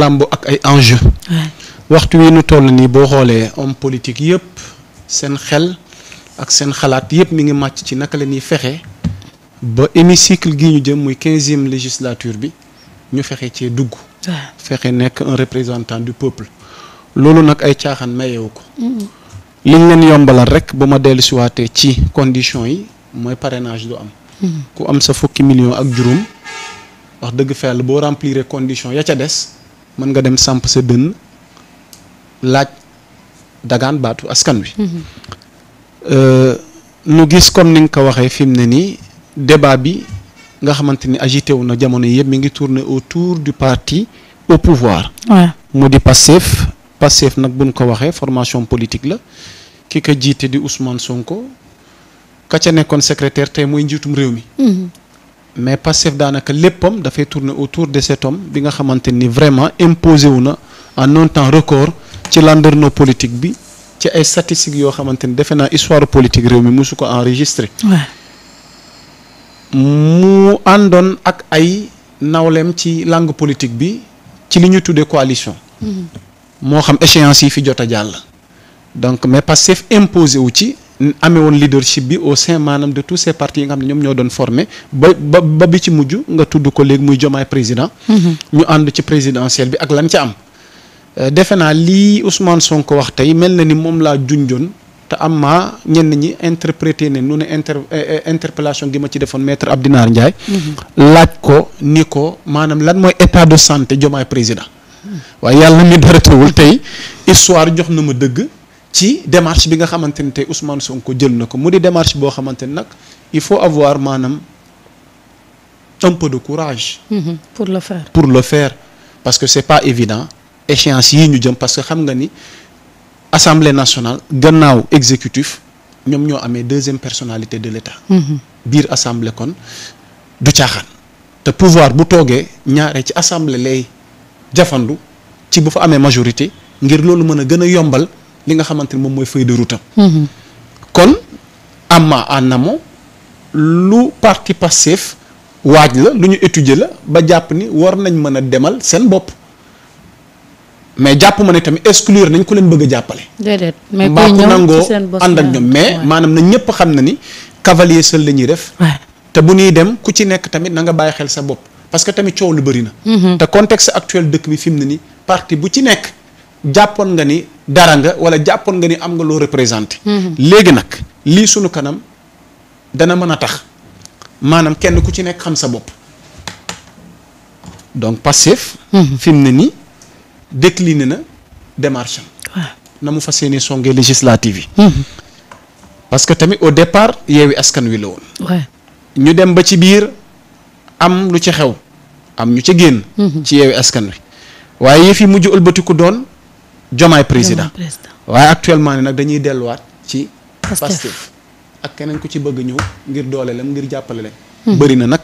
làmb ak ay enjeu waxtu wi nu toll nii boo xoolee homme politique yëpp seen xel ak seen xalaat yëpp mi ngi màcc ci naka la ñuy fexe ba hémicycle gi ñu jëm muy quinzième législature bi ñu fexe cee dugg fexe nekk un représentant du peuple loolu nag ay caaxaan mayewu ko mm-hmm. liñ leen yombalal rek ba ma dellu siwaatee ci condition yi mooy parrainage du am mm-hmm. ku am sa fukki million ak juróom wax dëgg fa boo remplir condition ya ca des mën nga dem samp sa dënn laaj dagaan baatu askan wi. Mhm. Euh, nu gis comme ni nga ko waxee fi mu ne nii débat bi nga xamante ni agité wu na jamono yëpp mi ngi tourner autour du parti au pouvoir. mu di Pastef Pastef nag buñ ko waxee formation politique la ki ko jiite di Ousmane Sonko ka ca nekkoon secrétaire tey mooy njiitum réew mi. Mhm. mais Pastef daanaka léppam dafay tourner autour de cet homme bi nga xamante ni vraiment imposé wu na en un temps record ci landerneau politique bi ci ay statistiques yoo xamante ni defe naa histoire politique réew mi mosu ko enregistré. mu àndoon ak ay nawleem ci langue politique bi ci li ñu tuddee coalition. Mm-hmm. moo xam échéance yi fi jot a jàll. donc mais Pastef imposé ci. amee woon leadership bi au sein maanaam de tous ces partis yi nga xam ne ñoom ñoo doon formé ba ba ba bi ci mujj nga tudd ko léegi muy Diomaye président. Mm-hmm. ñu ànd ci présidentielle bi ak lan ca am. Euh, defe naa lii Ousmane Sonko wax tey mel na ni moom laa junjoon te am maa ñenn ñi interprété ne nu ne euh, euh, interpellation gi ma ci defoon maître Abdinar Ndiaye. Mm-hmm. laaj ko ni ko maanaam lan mooy état de santé Diomaye président. Mm-hmm. waaye yàlla mi dara teewul tey histoire jox na ma dëgg. ci démarche bi nga xamante ni tey son Sonko jël na ko mu di démarche boo xamante ni nag il faut avoir maanaam un peu de courage. Mhm. pour le faire pour le faire parce que c'est pas évident échéance yii ñu jëm parce que xam nga ni assemblée nationale gannaaw exécutif ñoom ñoo amee deuxième personnalité de l'État. Mmh. biir assemblée kon du caaxaan. te pouvoir bu toogee ñaare ci assemblée lay jafandu ci bu fa amee majorité ngir loolu mën a gën a yombal. li nga xamante ni moom mooy feuille de route am. Mhm. kon ama en amont lu parti passif waaj la lu ñu étudier la ba jàpp ni war nañ mën a demal seen bopp mais jàpp ma ne tamit exclure nañ ku leen bëgg a jàppale. déedéet mais ku nangoo ànd ak ñoom mais maanaam na ñëpp xam na ni cavalier seul la ñuy def. te bu nuy dem ku ci nekk tamit na nga bàyyi xel sa bopp parce que tamit coow lu bari na. Mhm. te contexte actuel dëkk bi fi mu ne nii bu ci nekk. jàppoon nga ni dara nga wala jàppoon nga ni am nga loo représenté. Mhm. léegi nag lii sunu kanam dana mën a tax maanaam kenn ku ci nekk xam sa bopp donc passif. Mhm. fi mu ne nii décliné na démarche am. na mu fas yéene songee législative yi. Mhm. parce que tamit au départ yeewi askan wi la woon. ñu dem ba ci biir am lu ci xew am ñu ca génn. ci yeewi askan wi waaye yëf yi mujj ëlbatiku doon. Jomaay président waaye actuellement ni nag dañuy delluwaat ci Pastef ak keneen ku ci bëgg ñëw ngir doole lam ngir jàppale leen hmm. bëri na nag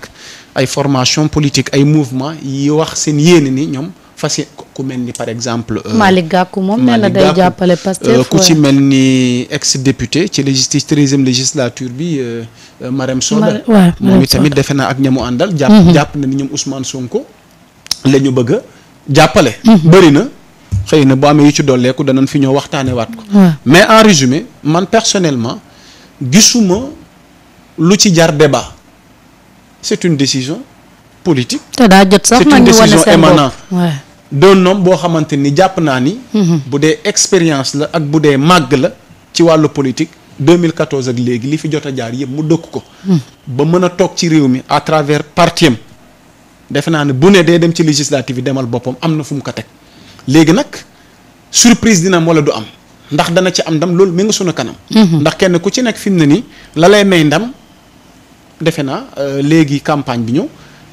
ay formation politique ay mouvement yi wax seen yéene ni ñoom fas ku mel ni par exemple. Euh, Malick Gakou moom ne la day jàppale Pastef euh, ku ci mel ni ex député ci légis treizième législature bi euh, Marème Soda. moom itamit defe na ak ñamu àndal. jàpp hmm. jàpp na ni ñoom Ousmane Sonko la ñu bëgg jàppale. Hmm. bëri xëy na bu amee yu ci dolleeku danañ fi ñoo waxtaane waat ko. mais en résumé man personnellement gisuma lu ci jar débat c'est une décision politique. te daa jot sax man ñu wane seen bopp c'est une boo xamante ni jàpp naa ni. Mm-hmm. bu dee expérience la ak bu dee màgg la ci wàllu politique. mille 2014 ak léegi li fi jot a jaar yëpp mu dëkk ko. Mm. ba mën a toog ci réew mi à travers partiam defe naa ne bu ne dee dem ci législative yi demal boppam am na fu mu ko léegi nag surprise dina am wala du am ndax dana ci am ndam loolu mi nga sunu kanam. Mhm. ndax kenn ku ci nekk fi mu ne nii la lay may ndam defe naa euh, léegi campagne bi ñëw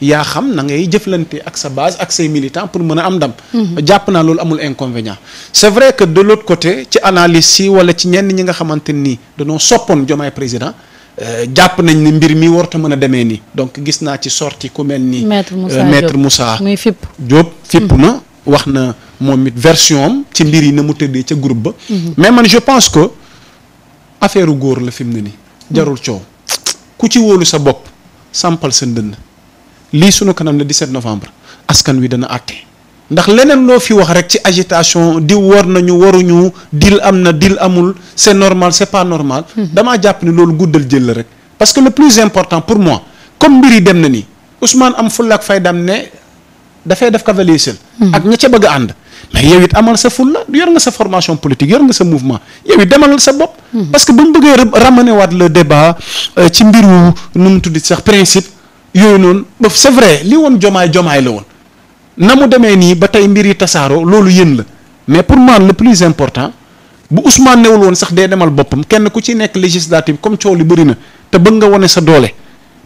yaa xam na ngay jëflante ak sa base ak say militants pour mën a am ndam. Mhm. jàpp naa loolu amul inconvénient. c'est vrai que de l'autre ci analyse yi wala ci ñenn ñi nga xamante nii danoo soppoon Diomaye président. Euh, jàpp nañ ni mbir mi warta mën a demee nii donc gis naa ci sorti ku mel ni maître euh, Moussa Diop fipp mhm. na wax na moom it version am ci mbir yi na mu tëddee ca groupe ba. Mhm. mais man je pense que affaire góor la fi mu ne nii. Mhm. jarul coow ku ci wóolu sa bopp sampal sa ndënd lii sunu kanam le 17 novembre askan wi dana àtte. ndax leneen loo fi wax rek ci agitation di war nañu waruñu dil am na dil amul c'est normal c'est pas normal. Mhm. damaa jàpp ni loolu guddal jël la rek. parce que le plus important pour moi comme mbir yi dem na nii Ousmane am fulla faydaam ne. dafay def cavalier seul hmm. ak ña ca bëgg ànd mais yow it amal sa ful la yor nga sa formation politique yor nga sa mouvement yow it demal sa bopp hmm. parce que bu ñu bëggee ramener waat le débat euh, ci mbir nu mu tuddi sax principe yooyu noonu ba c'est vrai li woon jomaay jomaay la woon na mu demee nii ba tey mbir yi tasaaroo loolu yéen la mais pour moi le plus important bu Ousmane newul woon sax dee demal boppam kenn ku ci nekk législative comme coow li bëri na te bëgg nga sa doole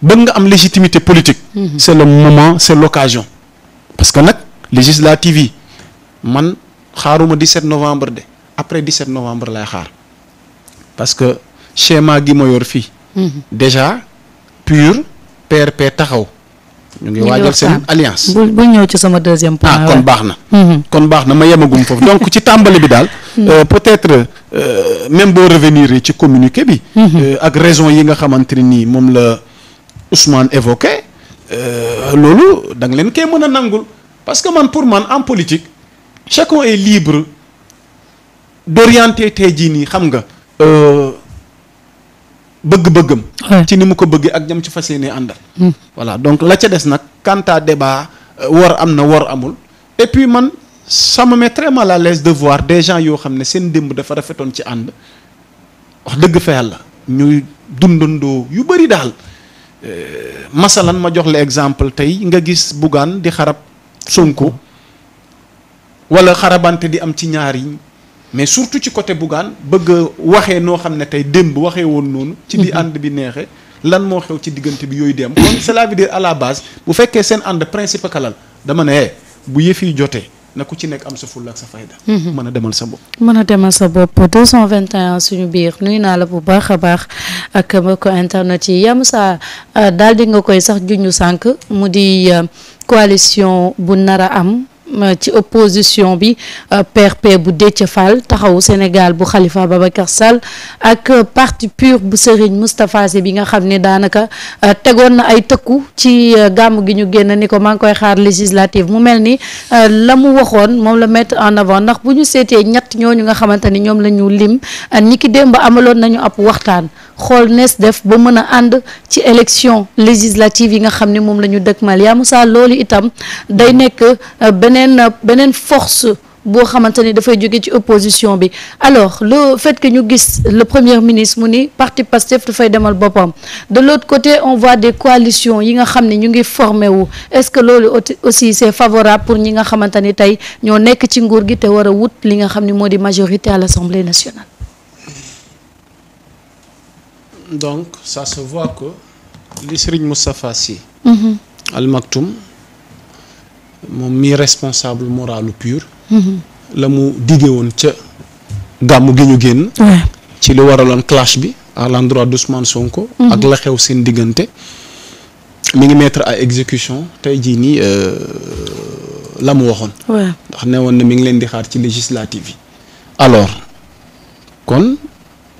bëgg nga am légitimité politique. Hmm. c'est le moment c'est l'occasion. parce que nag législative yi man xaaruma 17 novembre de après 17 novembre lay xaar parce que schéma gi ma yor fii. Mhm. déjà pur PRP taxaw. ñu ngi waajal seen alliance. bu bu ñëw ci sama deuxième point. ah kon baax na. Mhm. kon baax na ma yemagum foofu donc ci tàmbali bi daal. Mhm. Euh, peut-être euh, boo revenir ci communiqué bi. Euh, ak raison yi nga xamante ni moom la Ousmane évoqué. Euh, loolu da nga leen koy mën a nangul parce que man pour man en politique chacun est libre d'orienter tey jii nii xam nga. Euh, bëgg-bëggam. ci ni mu ko bëggee ak ñam ci fa yéenee àndal. Hmm. voilà donc la ca des nag quant à débat euh, war am na war amul et puis man sama me met très de voir des gens yoo xam ne seen démb dafa rafetoon ci ànd wax dëgg fa yàlla ñuy dundandoo yu bëri daal. masalan ma jox la exemple tey nga gis Bougane di xarab Sonko wala xarabante di am ci ñaar yi mais surtout ci côté Bougane bëgg a waxee noo xam ne tey démb waxee woon noonu. ci bi mhm. ànd bi neexee. lan moo xew ci diggante bi yooyu dem kon cela veut dire à la base bu fekkee seen ànd principe kalal dama ne bu yëf yi jotee. na ku ci nekk am sa fulla ak sa fayda. Mhm. mën a demal sa bopp. mën a demal sa bopp 221 suñu biir nuyu naa la bu baax a baax ak mbokku internet yi yam sa euh, daal di nga koy sax juñu sànq mu di euh, coalition bu nar a am. ci opposition bi PRP euh, bu Déthié Fall taxawu Sénégal bu Khalifa Babacar Sall ak euh, parti PUR bu Serigne Moustapha Sy bi nga xam ne daanaka euh, tegoon na ay tëkku ci gàmm gi ñu génn ni ko maa ngi koy xaar législative mu mel ni la mu waxoon moom la mettre en avant ndax bu ñu seetee ñett ñooñu nga xamante ni ñoom lañu lim ni ki démb amaloon nañu ab waxtaan xool nees def ba mën a ànd ci élection législative yi nga xam ne moom la ñu dëkkmal yaa Moussa loolu itam day nekk beneen euh, beneen force boo xamante ni dafay jóge ci opposition bi alors le fait ñu gis le premier ministre mu ni parti Pastef dafay demal boppam de l'autre côté on voit des coalitions yi nga xam ne ñu ngi formé wu est-ce que loolu aussi c'est favorable pour ñi nga xamante ni tey ñoo nekk ci nguur gi te war a wut li nga xam ni moo di majorité à l'Assemblée nationale donc ça se voit moom mii responsable moralu pur mhm. la mu diggee woon ca gàmmu gi ñu génn ci li waraloon clash bi à l'endroit d'Ousmane mhm. ak la xew seen diggante mi ngi mettre à exécution tey jii nii euh, la mu waxoon ndax ne na mi ngi leen di xaar ci législative yi alors kon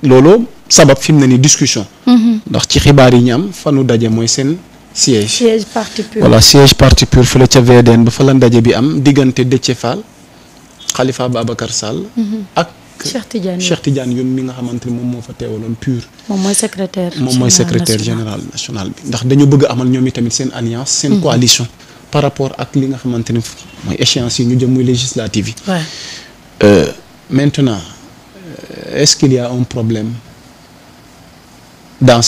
loolu sabab fi mu ne ni discussion mhm. ndax ci xibaar yi ñu fanu daje mooy seen siège siège parti pur voilà siège parti pur fële ca VDN ba fa la ndaje bi am diggante Déthié Fall Khalifa Babacar Sall. Mhm. ak Cheikh Tidiane yoon mi nga xamante ni moom moo fa teewaloon pur. moom mooy secrétaire moom général national bi. ndax dañu bëgg amal ñoom itamit seen alliance. seen mhm. coalition. par rapport ak li nga xamante ni mooy échéance yi ñu jëm muy législative yi. waaw euh, maintenant euh, est-ce qu'il y a un problème dans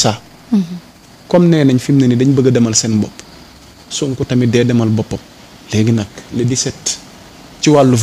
comme nee nañ fi mu ne ni dañ bëgg a demal seen bopp Sonko tamit dee demal boppam léegi nag di set ci wàllu